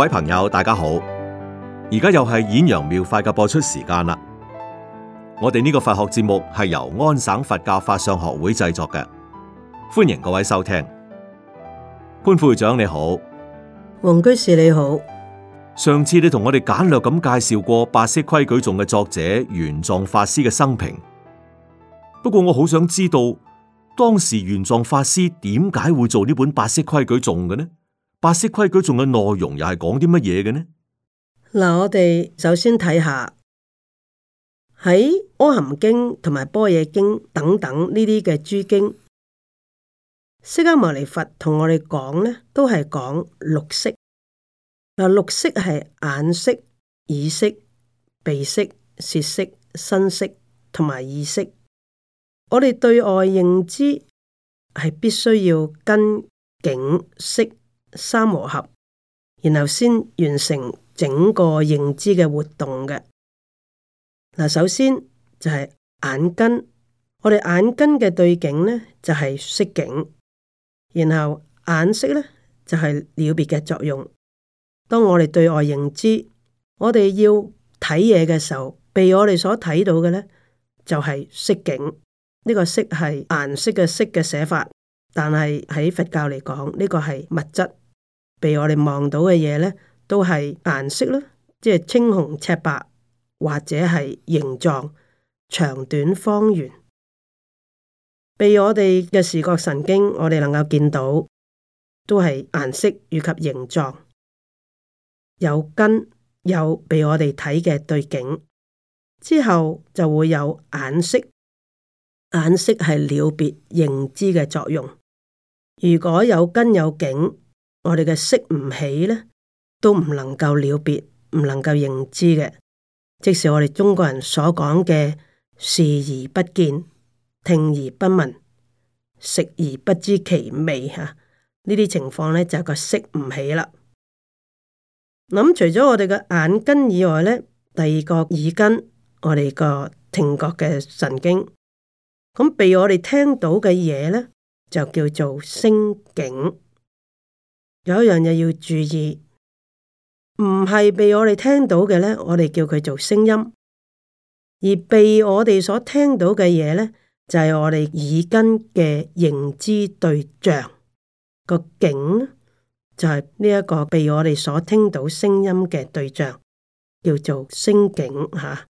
各位朋友，大家好！而家又係《演揚妙法》嘅播出時間啦。我哋呢個佛學節目係由安省佛教法相學會製作嘅，歡迎各位收聽。潘副會長你好，黃居士你好。上次你同我哋簡略咁介紹過《八識規矩頌》嘅作者玄奘法師嘅生平。不過我好想知道，當時玄奘法師點解會做呢本《八識規矩頌》嘅呢？《八識規矩頌》嘅內容又係講啲乜嘢嘅呢？嗱，我哋首先睇下喺《阿含經》同埋《般若經》等等呢啲嘅諸經，釋迦牟尼佛同我哋講呢，都係講六識。嗱，六識係眼識、耳識、鼻識、舌識、身識同埋意識。我哋對外認知係必須要根境識。三磨合，然後先完成整個認知嘅活動嘅。嗱，首先就係眼根，我哋眼根嘅對境呢就係色境，然後眼色呢就係了別嘅作用。當我哋對外認知，我哋要睇嘢嘅時候，被我哋所睇到嘅呢就係色境。呢個色係顏色嘅色嘅寫法，但係喺佛教嚟講，呢個係物質。被我哋望到嘅嘢咧，都係顏色啦，即係青紅赤白，或者係形狀、長短、方圓。被我哋嘅視覺神經，我哋能夠見到，都係顏色以及形狀。有根有被我哋睇嘅對境，之後就會有眼識。眼識係了別認知嘅作用。如果有根有景，我哋嘅識唔起咧，都唔能夠了別，唔能夠認知嘅，即係我哋中國人所講嘅視而不見、聽而不聞、食而不知其味吓，呢啲情況咧就係、個識唔起啦。咁、嗯、除咗我哋嘅眼根以外咧，第二個耳根，我哋個聽覺嘅神經，咁、嗯、被我哋聽到嘅嘢咧，就叫做聲境。有一樣嘢要注意，唔係被我哋聽到嘅咧，我哋叫佢做聲音；而被我哋所聽到嘅嘢咧，就係、是、我哋耳根嘅認知對象，個境，就係呢一個被我哋所聽到聲音嘅對象，叫做聲景吓。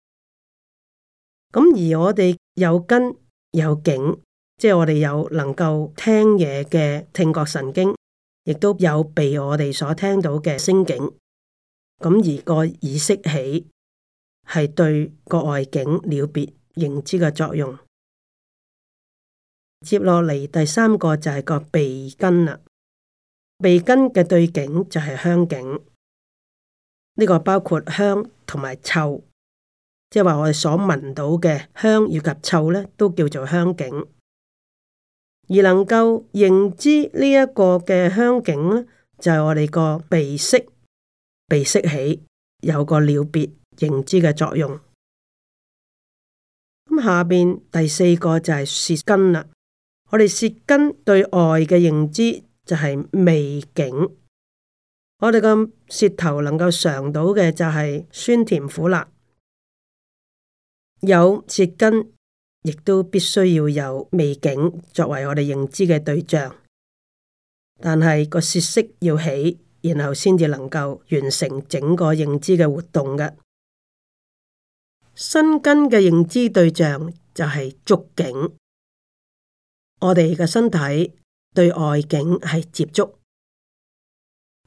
咁、啊、而我哋有根有境，即係我哋有能夠聽嘢嘅聽覺神經。亦都有被我哋所聽到嘅聲境，咁而個耳識起係對個外境了別認知嘅作用。接落嚟第三個就係個鼻根啦，鼻根嘅對境就係香境，呢個包括香同埋臭，即係話我哋所聞到嘅香以及臭咧，都叫做香境。而能夠認知呢一個嘅香境咧，就係、是、我哋個鼻識。鼻識起有個了別認知嘅作用。咁下邊第四個就係舌根啦。我哋舌根對外嘅認知就係味境。我哋個舌頭能夠嘗到嘅就係酸甜苦辣，有舌根。亦都必須要有味境作為我哋認知嘅對象，但係個舌識要起，然後先至能夠完成整個認知嘅活動嘅。身根嘅認知對象就係觸境，我哋嘅身體對外境係接觸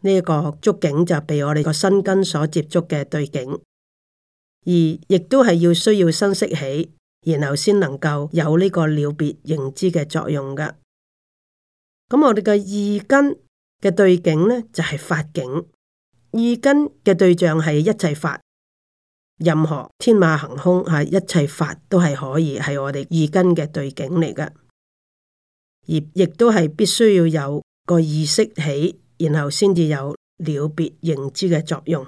呢一個觸境，就被我哋個身根所接觸嘅對境，而亦都係要需要身識起。然後先能夠有呢個了別認知嘅作用㗎，咁我哋嘅意根嘅對境呢，就係法境，意根嘅對象係一切法，任何天馬行空吓，一切法都係可以係我哋意根嘅對境嚟㗎，而亦都係必須要有個意識起，然後先至有了別認知嘅作用。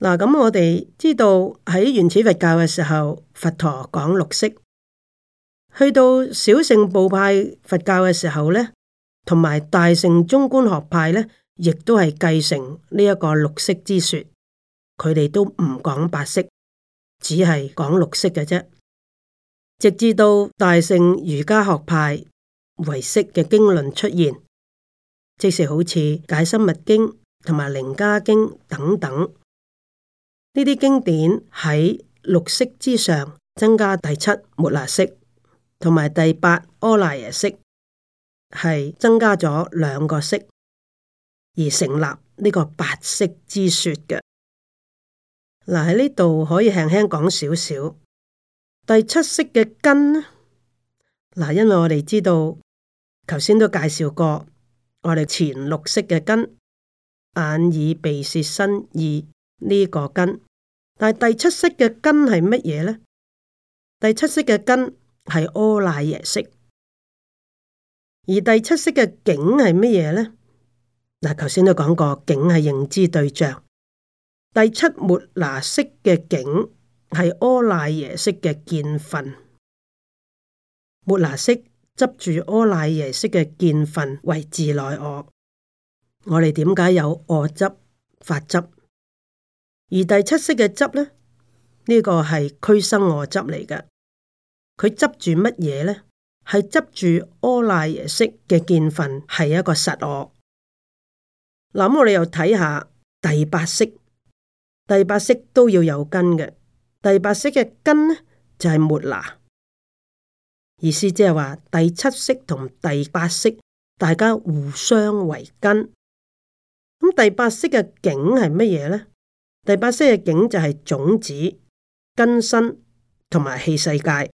嗱，咁我哋知道喺原始佛教嘅時候，佛陀講六識；去到小乘部派佛教嘅時候咧，同埋大乘中觀學派咧，亦都係繼承呢一個六識之說，佢哋都唔講八識，只係講六識嘅啫。直至到大乘瑜伽學派唯識嘅經論出現，即是好似《解深密經》同埋《楞伽經》等等。呢啲經典喺六識之上增加第七末那識，同埋第八阿賴耶識，係增加咗兩個識而成立呢個八識之說嘅。嗱，喺呢度可以輕輕講少少，第七識嘅根嗱、啊，因為我哋知道，頭先都介紹過，我哋前六識嘅根，眼耳鼻舌身意。呢個根，但係第七識嘅根係乜嘢呢？第七識嘅根係阿賴耶識，而第七識嘅境係乜嘢呢？嗱，頭先都講過，境係認知對象。第七末那識嘅境係阿賴耶識嘅見分，末那識執住阿賴耶識嘅見分為自內我。我哋點解有我執、法執？而第七識嘅執呢，呢、這個係俱生我執嚟㗎。佢執住乜嘢呢？係執住阿賴耶識嘅見分，係一個實、嗯、我。嗱，咁我哋又睇下第八識。第八識都要有根嘅。第八識嘅根呢，就係末那。意思即係話第七識同第八識大家互相為根。咁、嗯、第八識嘅境係乜嘢呢？第八識嘅境就係種子、根身同埋器世界。嗱，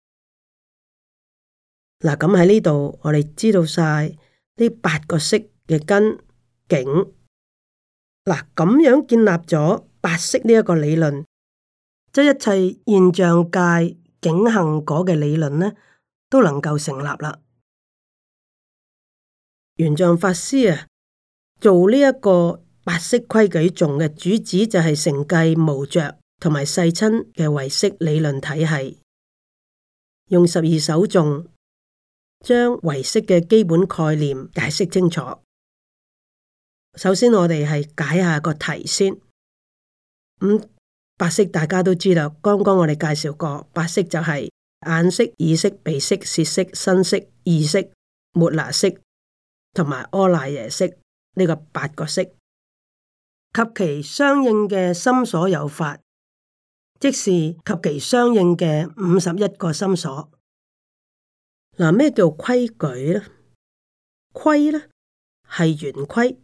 咁喺呢度我哋知道晒呢八個識嘅根境。嗱，咁樣建立咗八識呢一個理論，即、就、係、是、一切現象界境行果嘅理論呢，都能夠成立啦。玄奘法師啊，做呢、這、一個。八識規矩頌嘅主旨就係承繼無著同埋世親嘅唯識理論體系，用十二首頌將唯識嘅基本概念解釋清楚。首先我哋係解下個題先。咁、嗯、八識大家都知道，剛剛我哋介紹過，八識就係眼識、耳識、鼻識、舌識、身識、意識，色，色、末那識同埋阿賴耶識呢、這個八個識。及其相應嘅心所有法，即是及其相應嘅五十一個心所。嗱，咩叫規矩呢？規呢係圓規，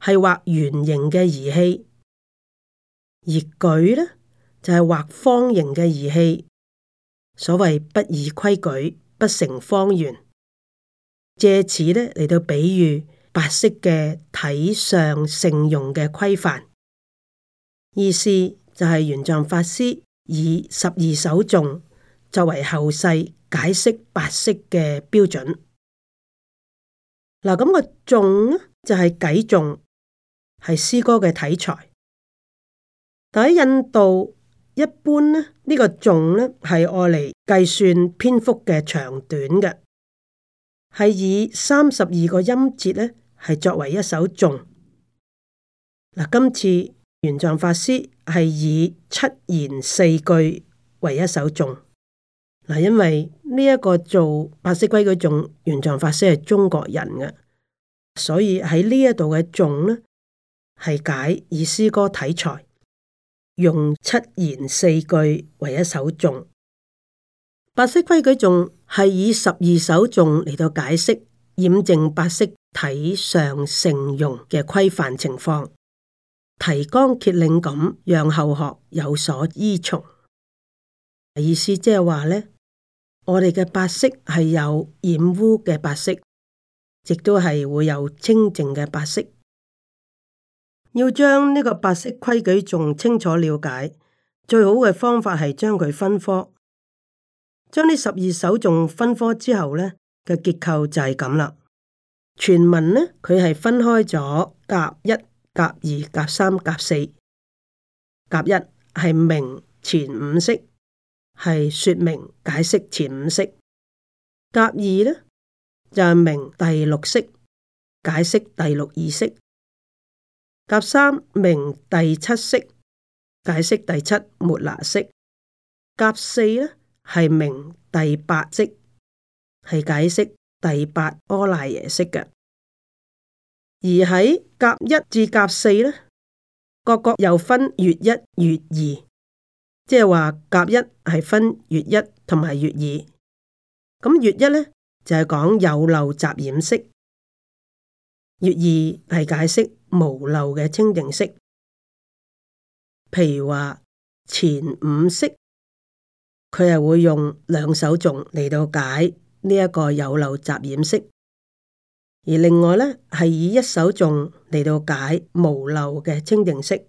係畫圓形嘅儀器；而矩呢，就係畫方形嘅儀器。所謂不以規矩，不成方圓。借此呢嚟到比喻。白色嘅體相勝用嘅規範，意思就係玄奘法師以十二首頌作為後世解釋白色嘅標準。嗱，咁、那個頌呢，就係偈頌，係詩歌嘅體裁。但喺印度一般咧，呢個頌呢，係愛嚟計算篇幅嘅長短嘅，係以三十二個音節呢。係作為一首頌，今次玄奘法師係以七言四句為一首頌，因為呢一個做八識規矩頌，玄奘法師係中國人嘅，所以喺呢一度嘅頌呢係解以詩歌體裁，用七言四句為一首頌。八識規矩頌係以十二首頌嚟到解釋染淨八識。體上聖用嘅規範情況，提綱挈領咁，讓後學有所依從。意思即係話咧，我哋嘅八識係有染污嘅八識，亦都係會有清淨嘅八識。要將呢個八識規矩仲清楚了解，最好嘅方法係將佢分科。將呢十二首頌分科之後咧嘅結構就係咁啦。全文呢，佢係分開咗甲一、甲二、甲三、甲四。甲一係明前五識，係說明解釋前五識；甲二呢就係、是、明第六識，解釋第六意識。甲三明第七識，解釋第七末那識；甲四呢係明第八識，係解釋。第八阿賴耶識嘅，而喺甲一至甲四呢，各國又分月一、月二，即係話甲一係分月一同埋月二。咁、嗯、月一呢，就係、是、講有漏雜染識，月二係解釋無漏嘅清淨識。譬如話前五識，佢係會用兩首頌嚟到解。呢一個有漏雜染識，而另外呢，係以一首頌嚟到解無漏嘅清淨識。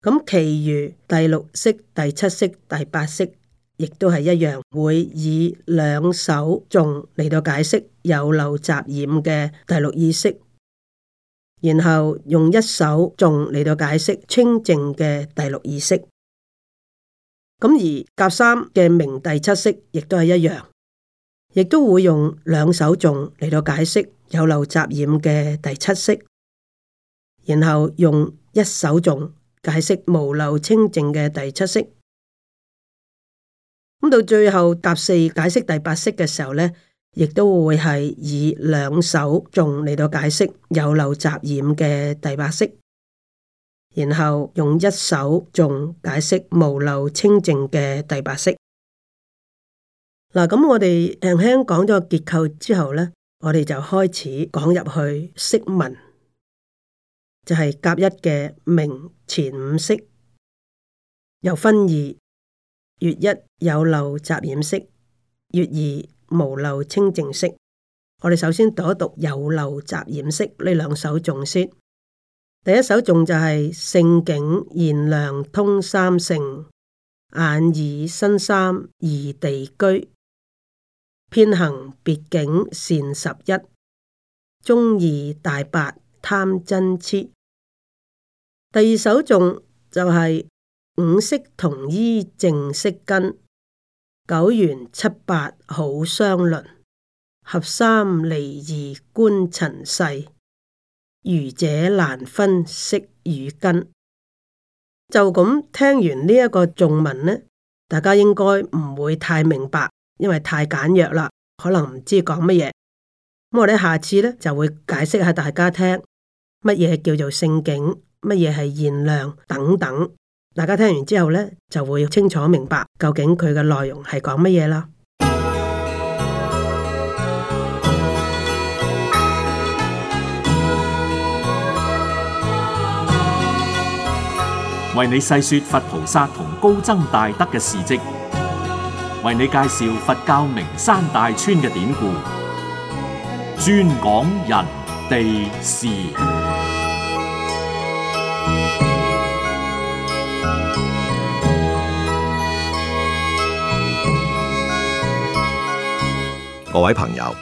咁其餘第六識、第七識、第八識，亦都係一樣，會以兩首頌嚟到解釋有漏雜染嘅第六意識，然後用一首頌嚟到解釋清淨嘅第六意識。咁而家三嘅明第七識，亦都係一樣。亦都會用兩首頌嚟到解釋有漏雜染嘅第七識，然後用一首頌解釋無漏清淨嘅第七識。咁到最後答四解釋第八識嘅時候咧，亦都會係以兩首頌嚟到解釋有漏雜染嘅第八識，然後用一首頌解釋無漏清淨嘅第八識。嗱，咁我哋輕輕講咗結構之後呢，我哋就開始講入去釋文，就係、是、甲一嘅明前五識，又分二月一有漏雜染識，月二無漏清淨識。我哋首先讀一讀有漏雜染識呢兩首頌先，第一首頌就係、是、性境、現量通三性，眼耳身三二地居。遍行別境善十一，中二大八貪瞋痴。第二首頌就係、是、五識同依淨色根，九緣七八好相鄰，合三離二觀塵世，愚者難分色與根。就咁聽完呢一個頌文呢，大家應該唔會太明白。因為太簡約啦，可能唔知講乜嘢。咁我哋下次呢就會解釋下大家聽乜嘢叫做性境，乜嘢係現量，等等。大家聽完之後呢，就會清楚明白究竟佢嘅內容係講乜嘢啦。為你細說佛菩薩同高僧大德嘅事跡。為你介紹佛教名山大川嘅典故，專講人地事。各位朋友，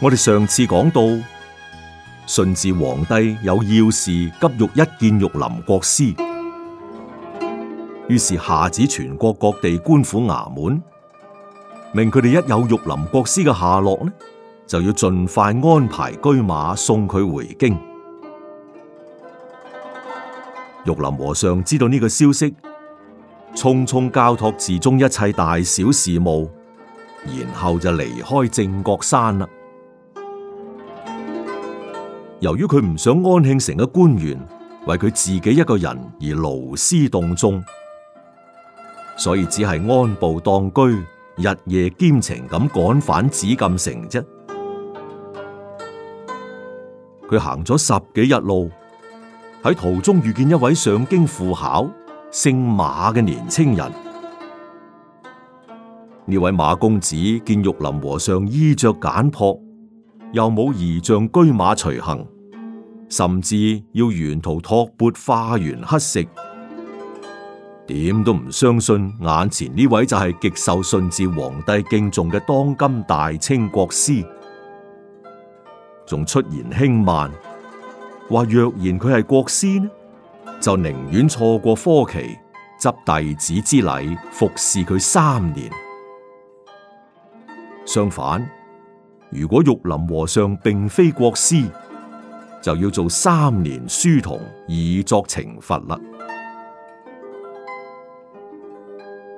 我哋上次講到，順治皇帝有要事，急欲一見玉林國師。於是下旨全國各地官府衙門，命佢哋一有玉林國師嘅下落呢，就要盡快安排車馬送佢回京。玉林和尚知道呢個消息，匆匆交託寺中一切大小事務，然後就離開正國山啦。由於佢唔想安慶城嘅官員為佢自己一個人而勞師動眾。所以只係安步當車，日夜兼程咁趕返紫禁城啫。佢行咗十幾日路，喺途中遇見一位上京赴考、姓馬嘅年輕人。呢位馬公子見玉林和尚衣着簡樸，又冇儀仗、車馬隨行，甚至要沿途托鉢化緣乞食。點都唔相信眼前呢位就係極受順治皇帝敬重嘅當今大清國師，仲出言輕慢，話若然佢係國師就寧願錯過科期，執弟子之禮，服侍佢三年。相反，如果玉林和尚並非國師，就要做三年書童以作懲罰啦。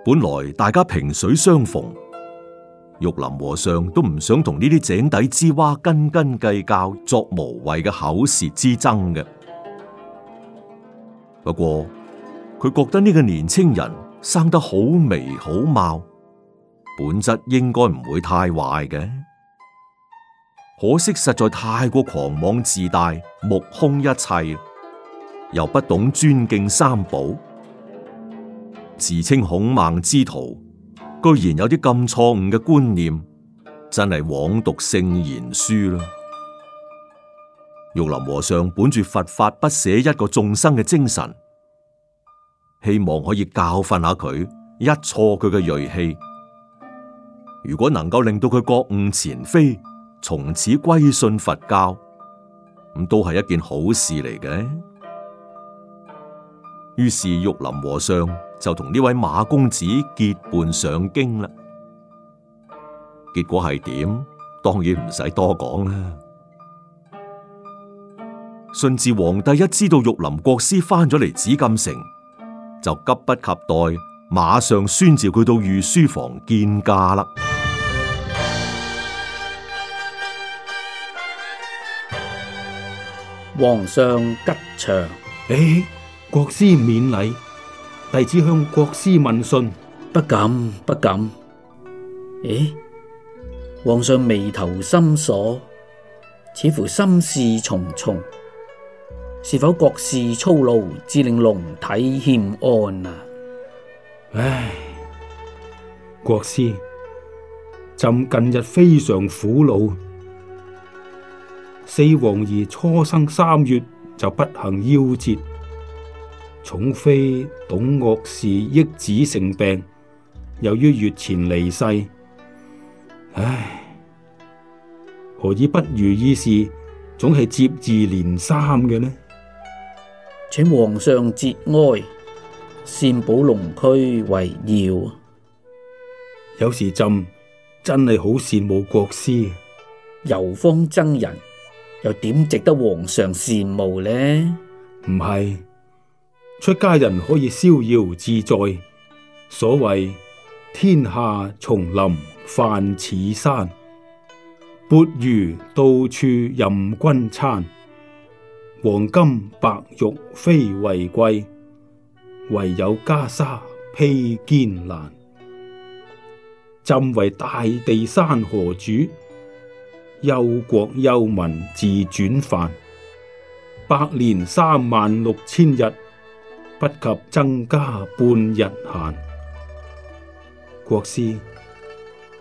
本來大家萍水相逢，玉林和尚都唔想同呢啲井底之蛙斤斤計較，作無謂嘅口舌之爭嘅。不過佢覺得呢個年青人生得好眉好貌，本質應該唔會太壞嘅。可惜實在太過狂妄自大，目空一切，又不懂尊敬三寶。自稱孔孟之徒，居然有啲咁錯誤嘅觀念，真係枉讀聖賢書啦！玉林和尚本住佛法不捨一個眾生嘅精神，希望可以教訓下佢，一錯佢嘅銳氣。如果能夠令到佢覺悟前非，從此歸信佛教，咁都係一件好事嚟嘅。於是玉林和尚。就同呢位馬公子結伴上京啦。結果係點？當然唔使多講啦。順治皇帝一知道玉林國師翻咗嚟紫禁城，就急不及待，馬上宣召佢到御書房見駕啦。皇上吉祥！哎，國師免禮。弟子向國師問訊，不敢不敢。咦，皇上眉頭深鎖，似乎心事重重。是否國事操勞，致令龍體欠安啊？唉，國師，朕近日非常苦惱，四皇兒初生三月就不幸夭折。寵妃董鄂氏，抑子成病，由於月前離世。唉，何以不如意事總係接二連三嘅呢？請皇上節哀。善保龍軀為要，有時朕真係好羨慕國師。遊方僧人又點值得皇上羨慕呢？唔係。出家人可以逍遙自在，所謂天下叢林飯似山，缽盂到處任君餐。黃金白玉非為貴，唯有袈裟披肩難。朕為大地山河主，憂國憂民自轉煩。百年三萬六千日，不及增加半日閑，國師，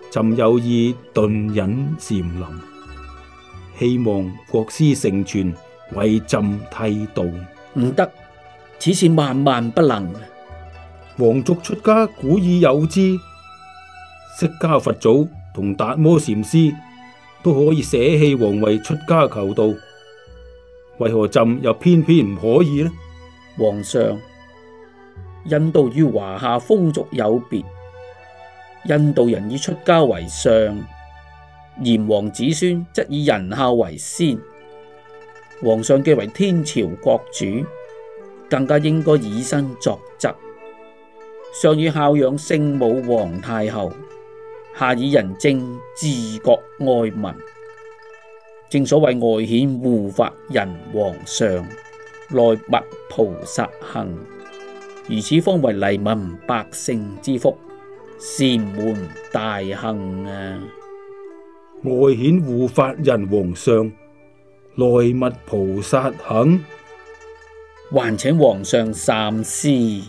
朕有意遁隱禪林，希望國師成全，為朕剃度。唔得，此事萬萬不能。皇族出家古已有之，釋迦佛祖同達摩禪師都可以捨棄皇位出家求道，為何朕又偏偏唔可以呢？皇上。印度與華夏風俗有別，印度人以出家為上，炎黃子孫則以仁孝為先。皇上既為天朝國主，更加應該以身作則，上以孝養聖母皇太后，下以仁政治國愛民。正所謂外顯護法人皇上，內密菩薩行。如此方為黎民百姓之福，善門大幸啊！外顯護法人皇上，內密菩薩肯，還請皇上三思。咁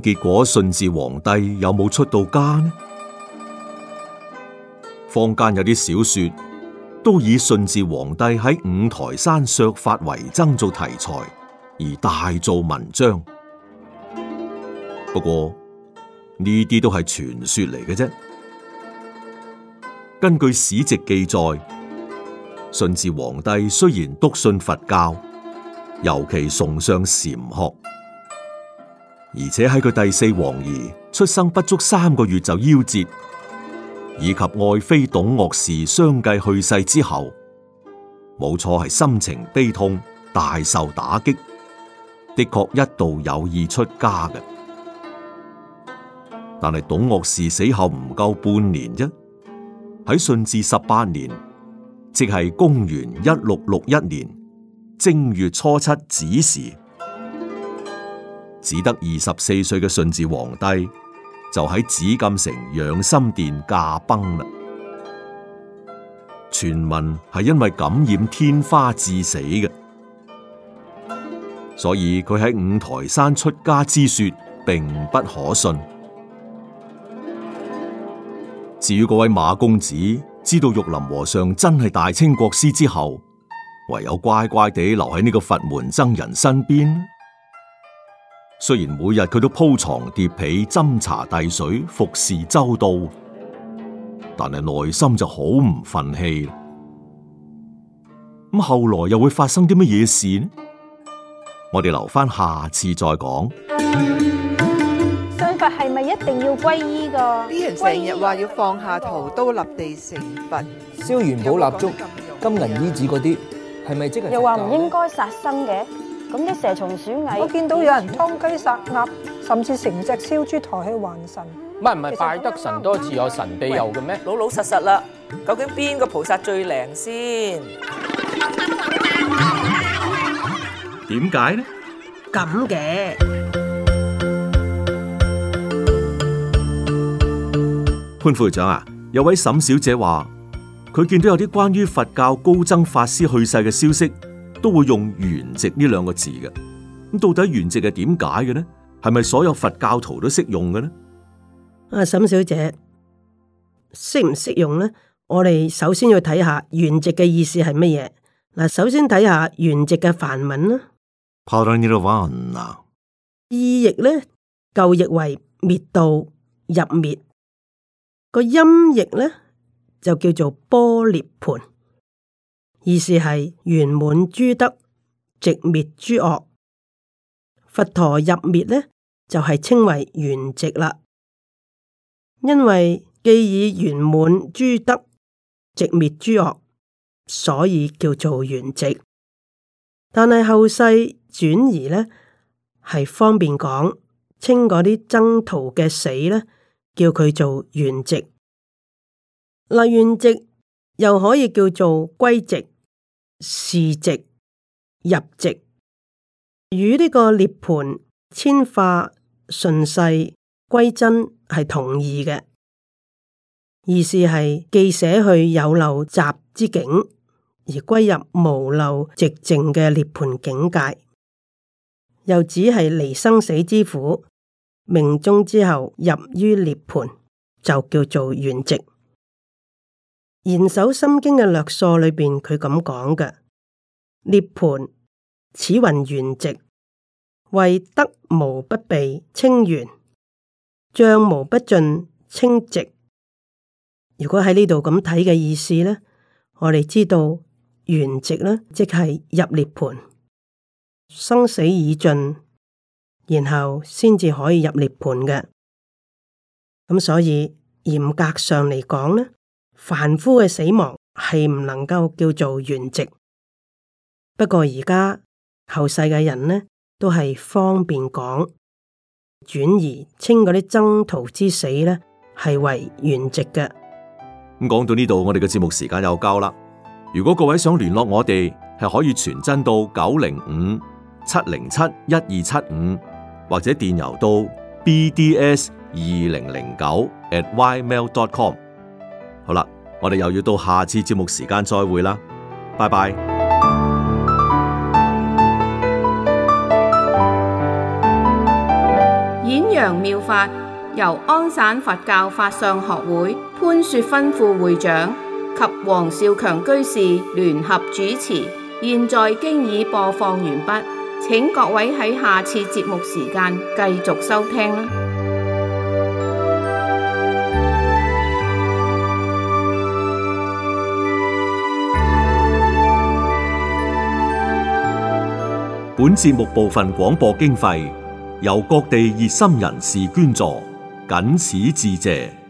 結果順治皇帝有冇出到家呢？坊間有啲小說都以順治皇帝喺五台山削髮為僧做題材。而大做文章，不過呢啲都係傳說嚟嘅啫。根據史籍記載，順治皇帝雖然篤信佛教，尤其崇尚禪學，而且喺佢第四皇兒出生不足三個月就夭折，以及愛妃董鄂氏相繼去世之後，冇錯係心情悲痛，大受打擊。的確一度有意出家嘅，但係董鄂氏死後唔夠半年啫。喺順治十八年，即係公元一六六一年正月初七子時，只得二十四歲嘅順治皇帝就喺紫禁城養心殿駕崩啦。傳聞係因為感染天花致死嘅。所以佢喺五台山出家之說，並不可信。至於嗰位馬公子，知道玉林和尚真係大清國師之後，唯有乖乖地留喺呢個佛門僧人身邊。雖然每日佢都鋪床疊被、斟茶遞水、服侍周到，但係內心就好唔忿氣。咁後來又會發生啲乜嘢事呢？我哋留翻下次再講。信佛係咪一定要皈依噶？啲人成日話要放下屠刀立地成佛，燒元寶蠟燭、金銀衣紙嗰啲，係咪、啊、即係？又話唔應該殺生嘅，咁啲蛇蟲鼠蟻，我見到有人湯雞殺鴨，甚至成隻燒豬抬去還神。唔係唔係，拜得神多自有神庇佑嘅咩？老老實實啦，究竟邊個菩薩最靈先？點解呢？咁嘅潘副長啊，有位沈小姐話佢見到有啲關於佛教高僧法師去世嘅消息，都會用圓寂呢兩個字嘅。咁到底圓寂係點解嘅呢？係咪所有佛教徒都識用嘅呢？啊，沈小姐，識唔識用呢？我哋首先要睇下圓寂嘅意思係乜嘢。嗱，首先睇下圓寂嘅梵文啦。拋在呢個話啦，意譯呢舊譯為滅度入滅，個音譯呢，就叫做般涅槃，意思係圓滿諸德，寂滅諸惡。佛陀入滅呢，就係、是、稱為圓寂啦，因為既已圓滿諸德，寂滅諸惡，所以叫做圓寂。但係後世。轉移呢係方便講清嗰啲僧徒嘅死呢，叫佢做圓寂。嗱，圓寂又可以叫做歸寂、示寂、入寂。與呢個涅槃、遷化、順世、歸真係同義嘅。意思係既捨去有漏雜之境，而歸入無漏寂靜嘅涅槃境界。又只係離生死之苦，命終之後入於涅槃，就叫做圓寂。《賢首心經》嘅略疏裏邊，佢咁講嘅：涅槃，此云圓寂，謂德無不備清，稱圓；障無不盡，稱寂。」如果喺呢度咁睇嘅意思咧，我哋知道圓寂咧，即係入涅槃。生死已盡，然後先至可以入涅盤嘅。咁所以嚴格上嚟講咧，凡夫嘅死亡係唔能夠叫做圓寂。不過而家後世嘅人呢，都係方便講轉而，稱嗰啲僧徒之死咧係為圓寂嘅。咁講到呢度，我哋嘅節目時間又夠啦。如果各位想聯絡我哋，係可以傳真到九零五，七零七一二七五或者電郵到 bds 二零零九 at ymail dot com。好啦，我哋又要到下次節目時間再會啦，拜拜。演揚妙法由安省佛教法相學會潘雪芬副會長及黃少強居士聯合主持，現在經已播放完畢。請各位喺下次節目時間繼續收聽啦。本節目部分廣播經費由各地熱心人士捐助，謹此致謝。